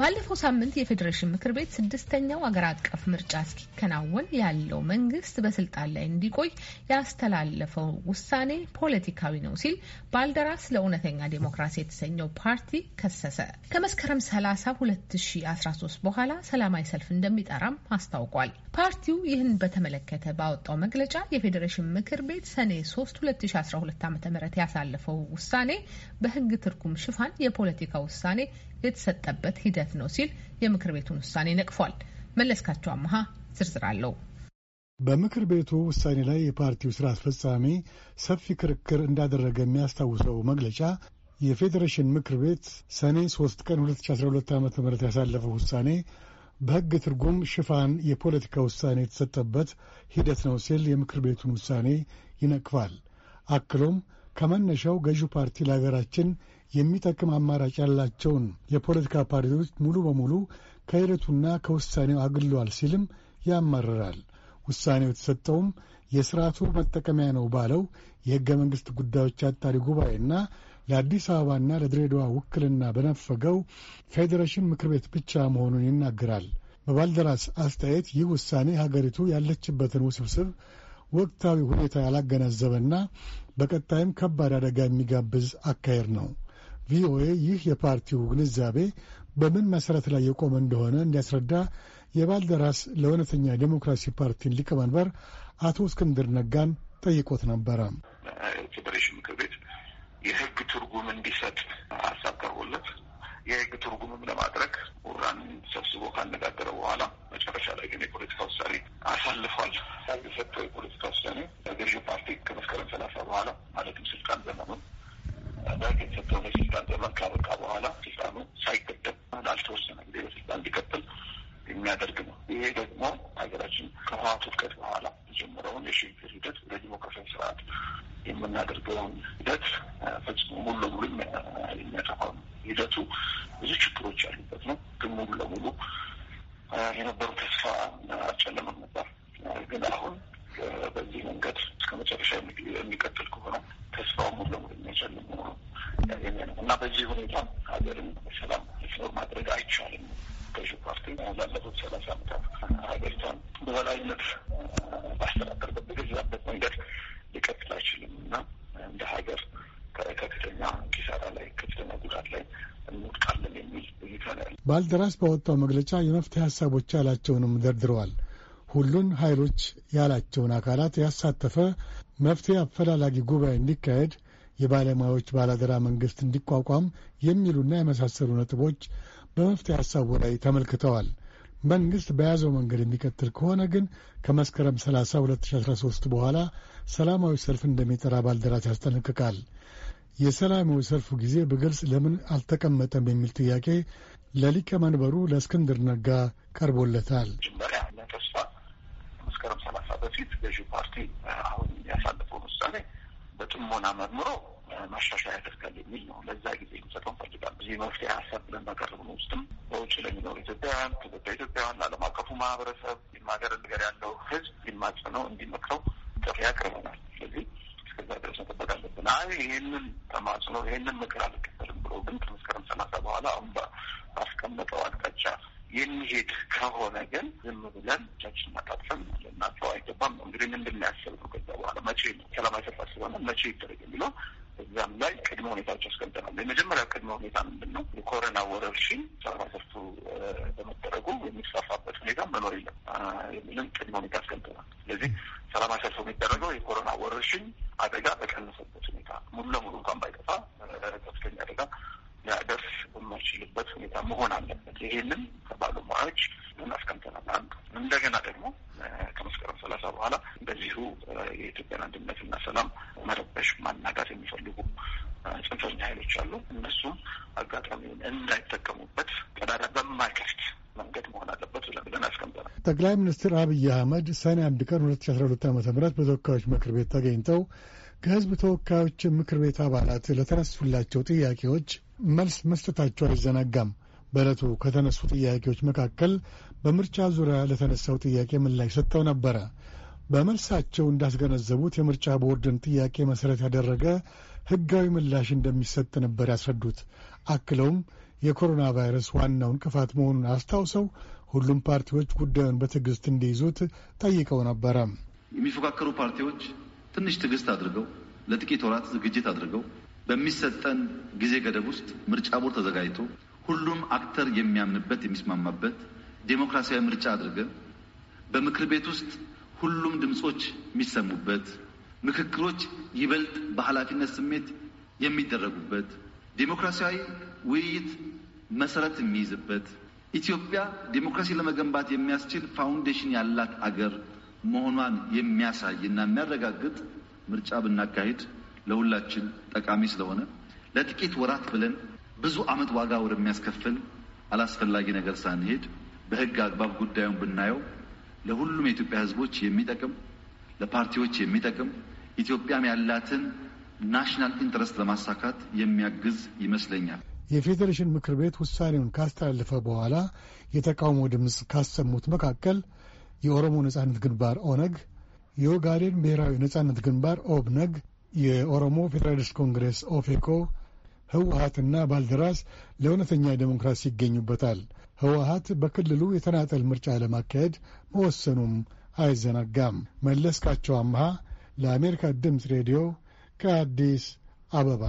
ባለፈው ሳምንት የፌዴሬሽን ምክር ቤት ስድስተኛው አገር አቀፍ ምርጫ እስኪከናወን ያለው መንግስት በስልጣን ላይ እንዲቆይ ያስተላለፈው ውሳኔ ፖለቲካዊ ነው ሲል ባልደራስ ለእውነተኛ ዴሞክራሲ የተሰኘው ፓርቲ ከሰሰ። ከመስከረም 30 2013 በኋላ ሰላማዊ ሰልፍ እንደሚጠራም አስታውቋል። ፓርቲው ይህን በተመለከተ ባወጣው መግለጫ የፌዴሬሽን ምክር ቤት ሰኔ 3 2012 ዓ ም ያሳለፈው ውሳኔ በህግ ትርጉም ሽፋን የፖለቲካ ውሳኔ የተሰጠበት ሂደት ነው ሲል የምክር ቤቱን ውሳኔ ነቅፏል። መለስካቸው አመሃ ዝርዝር አለው። በምክር ቤቱ ውሳኔ ላይ የፓርቲው ስራ አስፈጻሚ ሰፊ ክርክር እንዳደረገ የሚያስታውሰው መግለጫ የፌዴሬሽን ምክር ቤት ሰኔ 3 ቀን 2012 ዓ ም ያሳለፈው ውሳኔ በሕግ ትርጉም ሽፋን የፖለቲካ ውሳኔ የተሰጠበት ሂደት ነው ሲል የምክር ቤቱን ውሳኔ ይነቅፋል። አክሎም ከመነሻው ገዢው ፓርቲ ለሀገራችን የሚጠቅም አማራጭ ያላቸውን የፖለቲካ ፓርቲዎች ሙሉ በሙሉ ከሂደቱና ከውሳኔው አግሏል ሲልም ያማርራል። ውሳኔው የተሰጠውም የስርዓቱ መጠቀሚያ ነው ባለው የሕገ መንግሥት ጉዳዮች አጣሪ ጉባኤና ለአዲስ አበባና ለድሬዳዋ ውክልና በነፈገው ፌዴሬሽን ምክር ቤት ብቻ መሆኑን ይናገራል። በባልደራስ አስተያየት ይህ ውሳኔ ሀገሪቱ ያለችበትን ውስብስብ ወቅታዊ ሁኔታ ያላገናዘበና በቀጣይም ከባድ አደጋ የሚጋብዝ አካሄድ ነው። ቪኦኤ ይህ የፓርቲው ግንዛቤ በምን መሠረት ላይ የቆመ እንደሆነ እንዲያስረዳ የባልደራስ ለእውነተኛ ዴሞክራሲ ፓርቲን ሊቀመንበር አቶ እስክንድር ነጋን ጠይቆት ነበረ። ፌዴሬሽን ምክር ቤት የህግ ትርጉም እንዲሰጥ ሀሳብ ቀርቦለት የሕግ ትርጉምም ስልጣን ዘመን ካበቃ በኋላ ስልጣኑ ሳይገደብ ላልተወሰነ ጊዜ በስልጣን እንዲቀጥል የሚያደርግ ነው። ይሄ ደግሞ ሀገራችን ከህወሓት ውድቀት በኋላ የጀመረውን የሽግግር ሂደት ወደ ዲሞክራሲያዊ ስርዓት የምናደርገውን ሂደት ፈጽሞ ሙሉ ለሙሉ የሚያጠፋ ነው። ሂደቱ ብዙ ችግሮች ያሉበት ነው። ግን ሙሉ ለሙሉ የነበሩ ተስፋ አጨለመም ነበር። ግን አሁን በዚህ መንገድ እስከ መጨረሻ የሚቀጥል ከሆነ ተስፋው ሙሉ ለሙሉ የሚያጨል መሆኑ ያገኘ ነው እና በዚህ ሁኔታ ሀገርን ሰላም ስኖር ማድረግ አይቻልም። ገዢ ፓርቲ ላለፉት ሰላሳ ዓመታት ሀገሪቷን በበላይነት ባስተዳደርበት በገዛበት መንገድ ሊቀጥል አይችልም እና እንደ ሀገር ከፍተኛ ኪሳራ ላይ ከፍተኛ ጉዳት ላይ እንወድቃለን የሚል ባልደራስ ባወጣው መግለጫ የመፍትሄ ሀሳቦች ያላቸውንም ደርድረዋል። ሁሉን ኃይሎች ያላቸውን አካላት ያሳተፈ መፍትሄ አፈላላጊ ጉባኤ እንዲካሄድ የባለሙያዎች ባላደራ መንግስት እንዲቋቋም የሚሉና የመሳሰሉ ነጥቦች በመፍትሄ ሀሳቡ ላይ ተመልክተዋል። መንግስት በያዘው መንገድ የሚቀጥል ከሆነ ግን ከመስከረም 30 2013 በኋላ ሰላማዊ ሰልፍ እንደሚጠራ ባልደራስ ያስጠነቅቃል። የሰላማዊ ሰልፉ ጊዜ በግልጽ ለምን አልተቀመጠም የሚል ጥያቄ ለሊቀመንበሩ ለእስክንድር ነጋ ቀርቦለታል። በፊት ገዢ ፓርቲ አሁን ያሳለፈውን ውሳኔ በጥሞና መርምሮ ማሻሻያ ያደርጋል የሚል ነው። ለዛ ጊዜ የሚሰጠው እንፈልጋለን። እዚህ መፍትሄ ሀሳብ ብለን ባቀረብን ውስጥም በውጭ ለሚኖሩ ኢትዮጵያውያን፣ ትውልደ ኢትዮጵያውያን፣ ለዓለም አቀፉ ማህበረሰብ ሊማገር ነገር ያለው ህዝብ ይማጸነው እንዲመክረው ጥሪ ያቅርበናል። ስለዚህ እስከዛ ድረስ መጠበቅ አለብን። አይ ይህንን ተማጽኖ ይህንን ምክር አለ ከሆነ ግን ዝም ብለን እጃችን መጣጥፈን ልናቸው አይገባም ነው እንግዲህ ምን ያስብ ነው። ከዛ በኋላ መቼ ነው ሰላማዊ ሰልፍ ስለሆነ መቼ ይደረግ የሚለው እዛም ላይ ቅድመ ሁኔታዎች ያስቀምጠናል። የመጀመሪያ ቅድመ ሁኔታ ምንድን ነው? የኮረና ወረርሽኝ ሰላማዊ ሰልፉ በመደረጉ የሚስፋፋበት ሁኔታ መኖር የለም የሚልም ቅድመ ሁኔታ ያስቀምጠናል። ስለዚህ ሰላማዊ ሰልፉ የሚደረገው የኮሮና ወረርሽኝ አደጋ በቀነሰበት ሁኔታ ሙሉ ለሙሉ እንኳን ባይጠፋ ከፍተኛ አደጋ ሊያደርስ በማይችልበት ሁኔታ መሆን አለበት። ይሄንም በግዳጅ ማናጋት የሚፈልጉ ጽንፈኛ ኃይሎች አሉ። እነሱም አጋጣሚውን እንዳይጠቀሙበት ቀዳዳ በማይከፍት መንገድ መሆን አለበት ብለን አስቀምጠናል። ጠቅላይ ሚኒስትር አብይ አህመድ ሰኔ አንድ ቀን ሁለት ሺ አስራ ሁለት ዓመተ ምህረት በተወካዮች ምክር ቤት ተገኝተው ከህዝብ ተወካዮች ምክር ቤት አባላት ለተነሱላቸው ጥያቄዎች መልስ መስጠታቸው አይዘነጋም። በዕለቱ ከተነሱ ጥያቄዎች መካከል በምርጫ ዙሪያ ለተነሳው ጥያቄ ምላሽ ሰጥተው ነበረ። በመልሳቸው እንዳስገነዘቡት የምርጫ ቦርድን ጥያቄ መሠረት ያደረገ ሕጋዊ ምላሽ እንደሚሰጥ ነበር ያስረዱት። አክለውም የኮሮና ቫይረስ ዋናው እንቅፋት መሆኑን አስታውሰው ሁሉም ፓርቲዎች ጉዳዩን በትዕግስት እንዲይዙት ጠይቀው ነበረ። የሚፎካከሩ ፓርቲዎች ትንሽ ትዕግስት አድርገው ለጥቂት ወራት ዝግጅት አድርገው በሚሰጠን ጊዜ ገደብ ውስጥ ምርጫ ቦርድ ተዘጋጅቶ ሁሉም አክተር የሚያምንበት የሚስማማበት ዴሞክራሲያዊ ምርጫ አድርገን በምክር ቤት ውስጥ ሁሉም ድምፆች የሚሰሙበት፣ ምክክሮች ይበልጥ በኃላፊነት ስሜት የሚደረጉበት፣ ዴሞክራሲያዊ ውይይት መሰረት የሚይዝበት፣ ኢትዮጵያ ዴሞክራሲ ለመገንባት የሚያስችል ፋውንዴሽን ያላት አገር መሆኗን የሚያሳይ እና የሚያረጋግጥ ምርጫ ብናካሄድ ለሁላችን ጠቃሚ ስለሆነ ለጥቂት ወራት ብለን ብዙ ዓመት ዋጋ ወደሚያስከፍል አላስፈላጊ ነገር ሳንሄድ በሕግ አግባብ ጉዳዩን ብናየው ለሁሉም የኢትዮጵያ ህዝቦች የሚጠቅም ለፓርቲዎች የሚጠቅም ኢትዮጵያም ያላትን ናሽናል ኢንትረስት ለማሳካት የሚያግዝ ይመስለኛል። የፌዴሬሽን ምክር ቤት ውሳኔውን ካስተላለፈ በኋላ የተቃውሞ ድምፅ ካሰሙት መካከል የኦሮሞ ነጻነት ግንባር ኦነግ፣ የኦጋዴን ብሔራዊ ነጻነት ግንባር ኦብነግ፣ የኦሮሞ ፌዴራሊስት ኮንግሬስ ኦፌኮ ህወሀትና ባልደራስ ለእውነተኛ ዴሞክራሲ ይገኙበታል። ህወሀት በክልሉ የተናጠል ምርጫ ለማካሄድ መወሰኑም አይዘነጋም። መለስካቸው አምሃ ለአሜሪካ ድምፅ ሬዲዮ ከአዲስ አበባ